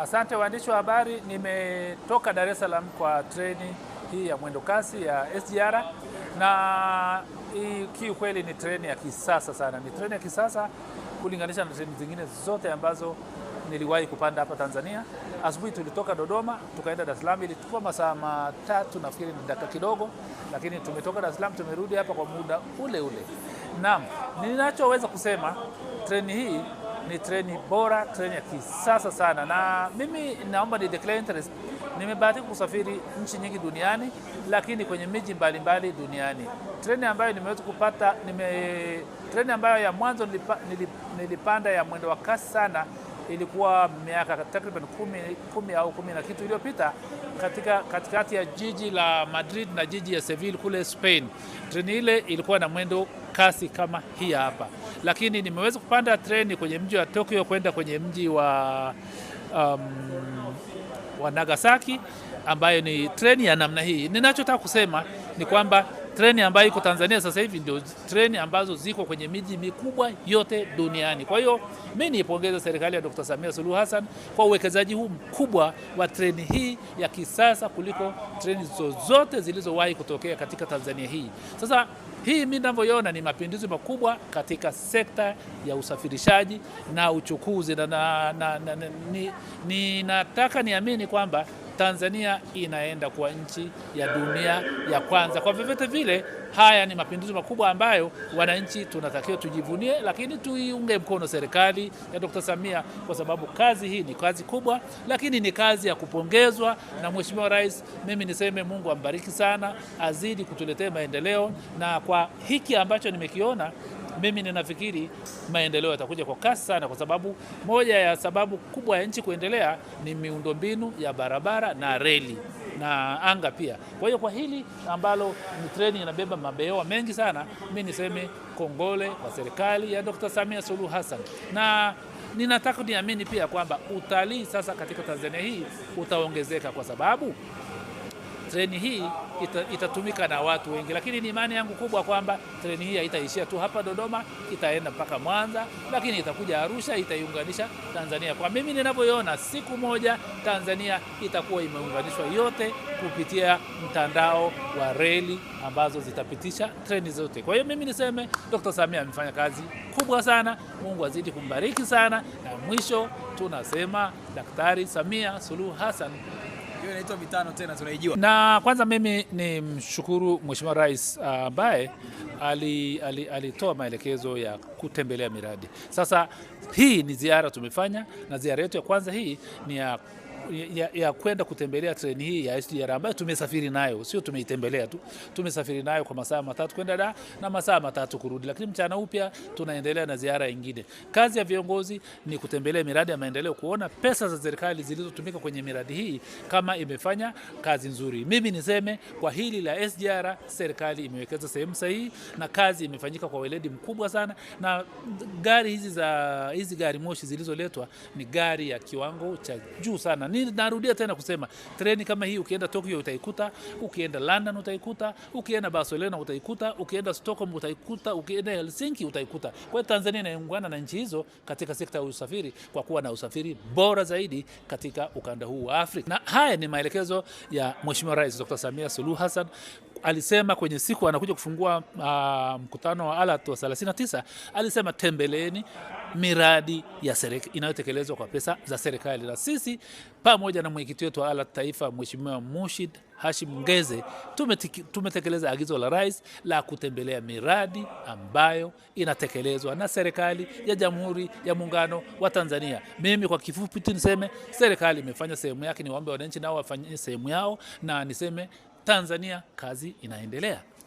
Asante waandishi wa habari, nimetoka Dar es Salaam kwa treni hii ya mwendo kasi ya SGR na hii kiukweli ni treni ya kisasa sana. Ni treni ya kisasa kulinganisha na treni zingine zote ambazo niliwahi kupanda hapa Tanzania. Asubuhi tulitoka Dodoma tukaenda Dar es Salaam, ilichukua masaa matatu nafikiri ni dakika kidogo, lakini tumetoka Dar es Salaam tumerudi hapa kwa muda ule ule. Naam, ninachoweza kusema treni hii ni treni bora, treni ya kisasa sana, na mimi naomba ni declare interest. Nimebahatika kusafiri nchi nyingi duniani, lakini kwenye miji mbalimbali duniani. Treni ambayo nimeweza kupata nime, treni ambayo ya mwanzo nilipa, nilipanda ya mwendo wa kasi sana ilikuwa miaka takriban kumi, kumi au kumi na kitu iliyopita katika, katikati ya jiji la Madrid na jiji ya Seville kule Spain. Treni ile ilikuwa na mwendo kasi kama hii hapa, lakini nimeweza kupanda treni kwenye mji wa Tokyo kwenda kwenye mji wa, um, wa Nagasaki ambayo ni treni ya namna hii. Ninachotaka kusema ni kwamba treni ambayo iko Tanzania sasa hivi ndio treni ambazo ziko kwenye miji mikubwa yote duniani. Kwa hiyo mimi niipongeza serikali ya Dr. Samia Suluhu Hassan kwa uwekezaji huu mkubwa wa treni hii ya kisasa kuliko treni zozote zilizowahi kutokea katika Tanzania hii. Sasa hii mimi ninavyoiona ni mapinduzi makubwa katika sekta ya usafirishaji na uchukuzi na, na, na, na, ni, ni, ninataka niamini kwamba Tanzania inaenda kuwa nchi ya dunia ya kwanza. Kwa vyovyote vile, haya ni mapinduzi makubwa ambayo wananchi tunatakiwa tujivunie, lakini tuiunge mkono serikali ya Dr. Samia kwa sababu kazi hii ni kazi kubwa, lakini ni kazi ya kupongezwa na Mheshimiwa Rais. Mimi niseme Mungu ambariki sana, azidi kutuletea maendeleo, na kwa hiki ambacho nimekiona mimi ninafikiri maendeleo yatakuja kwa kasi sana, kwa sababu moja ya sababu kubwa ya nchi kuendelea ni miundombinu ya barabara na reli na anga pia. Kwa hiyo kwa hili ambalo ni treni inabeba mabehewa mengi sana, mi niseme kongole kwa serikali ya Dr. Samia Suluhu Hassan, na ninataka niamini pia kwamba utalii sasa katika Tanzania hii utaongezeka kwa sababu treni hii ita, itatumika na watu wengi, lakini ni imani yangu kubwa kwamba treni hii haitaishia tu hapa Dodoma, itaenda mpaka Mwanza, lakini itakuja Arusha, itaiunganisha Tanzania. Kwa mimi ninavyoiona, siku moja Tanzania itakuwa imeunganishwa yote kupitia mtandao wa reli ambazo zitapitisha treni zote. Kwa hiyo mimi niseme Dr. Samia amefanya kazi kubwa sana, Mungu azidi kumbariki sana, na mwisho tunasema Daktari Samia Suluhu Hassan hiyo inaitwa mitano tena tunaijua. Na kwanza mimi ni mshukuru Mheshimiwa Rais uh, ambaye uh, alitoa ali, ali maelekezo ya kutembelea miradi. Sasa hii ni ziara tumefanya, na ziara yetu ya kwanza hii ni ya ya, ya kwenda kutembelea treni hii ya SGR ambayo tumesafiri nayo, sio tumeitembelea tu, tumesafiri nayo kwa masaa matatu kwenda da na masaa matatu kurudi, lakini mchana upya tunaendelea na ziara nyingine. Kazi ya viongozi ni kutembelea miradi ya maendeleo, kuona pesa za serikali zilizotumika kwenye miradi hii kama imefanya kazi nzuri. Mimi niseme kwa hili la SGR, serikali imewekeza sehemu sahihi na kazi imefanyika kwa weledi mkubwa sana, na gari hizi za hizi gari moshi zilizoletwa ni gari ya kiwango cha juu sana mimi narudia tena kusema treni kama hii ukienda Tokyo utaikuta, ukienda London utaikuta, ukienda Barcelona utaikuta, ukienda Stockholm utaikuta, ukienda Helsinki utaikuta. Kwa hiyo Tanzania inaungana na nchi hizo katika sekta ya usafiri kwa kuwa na usafiri bora zaidi katika ukanda huu wa Afrika. Na haya ni maelekezo ya Mheshimiwa Rais Dr. Samia Suluhu Hassan alisema kwenye siku anakuja kufungua uh, mkutano wa ALAT wa 39 alisema tembeleni miradi ya serikali inayotekelezwa kwa pesa za serikali, na sisi pamoja na mwenyekiti wetu wa ala taifa Mheshimiwa Mushid Hashim Ngeze tumetekeleza agizo la rais la kutembelea miradi ambayo inatekelezwa na serikali ya Jamhuri ya Muungano wa Tanzania. Mimi kwa kifupi tu niseme serikali imefanya sehemu yake, ni waombe wananchi nao wafanye sehemu yao, na niseme Tanzania kazi inaendelea.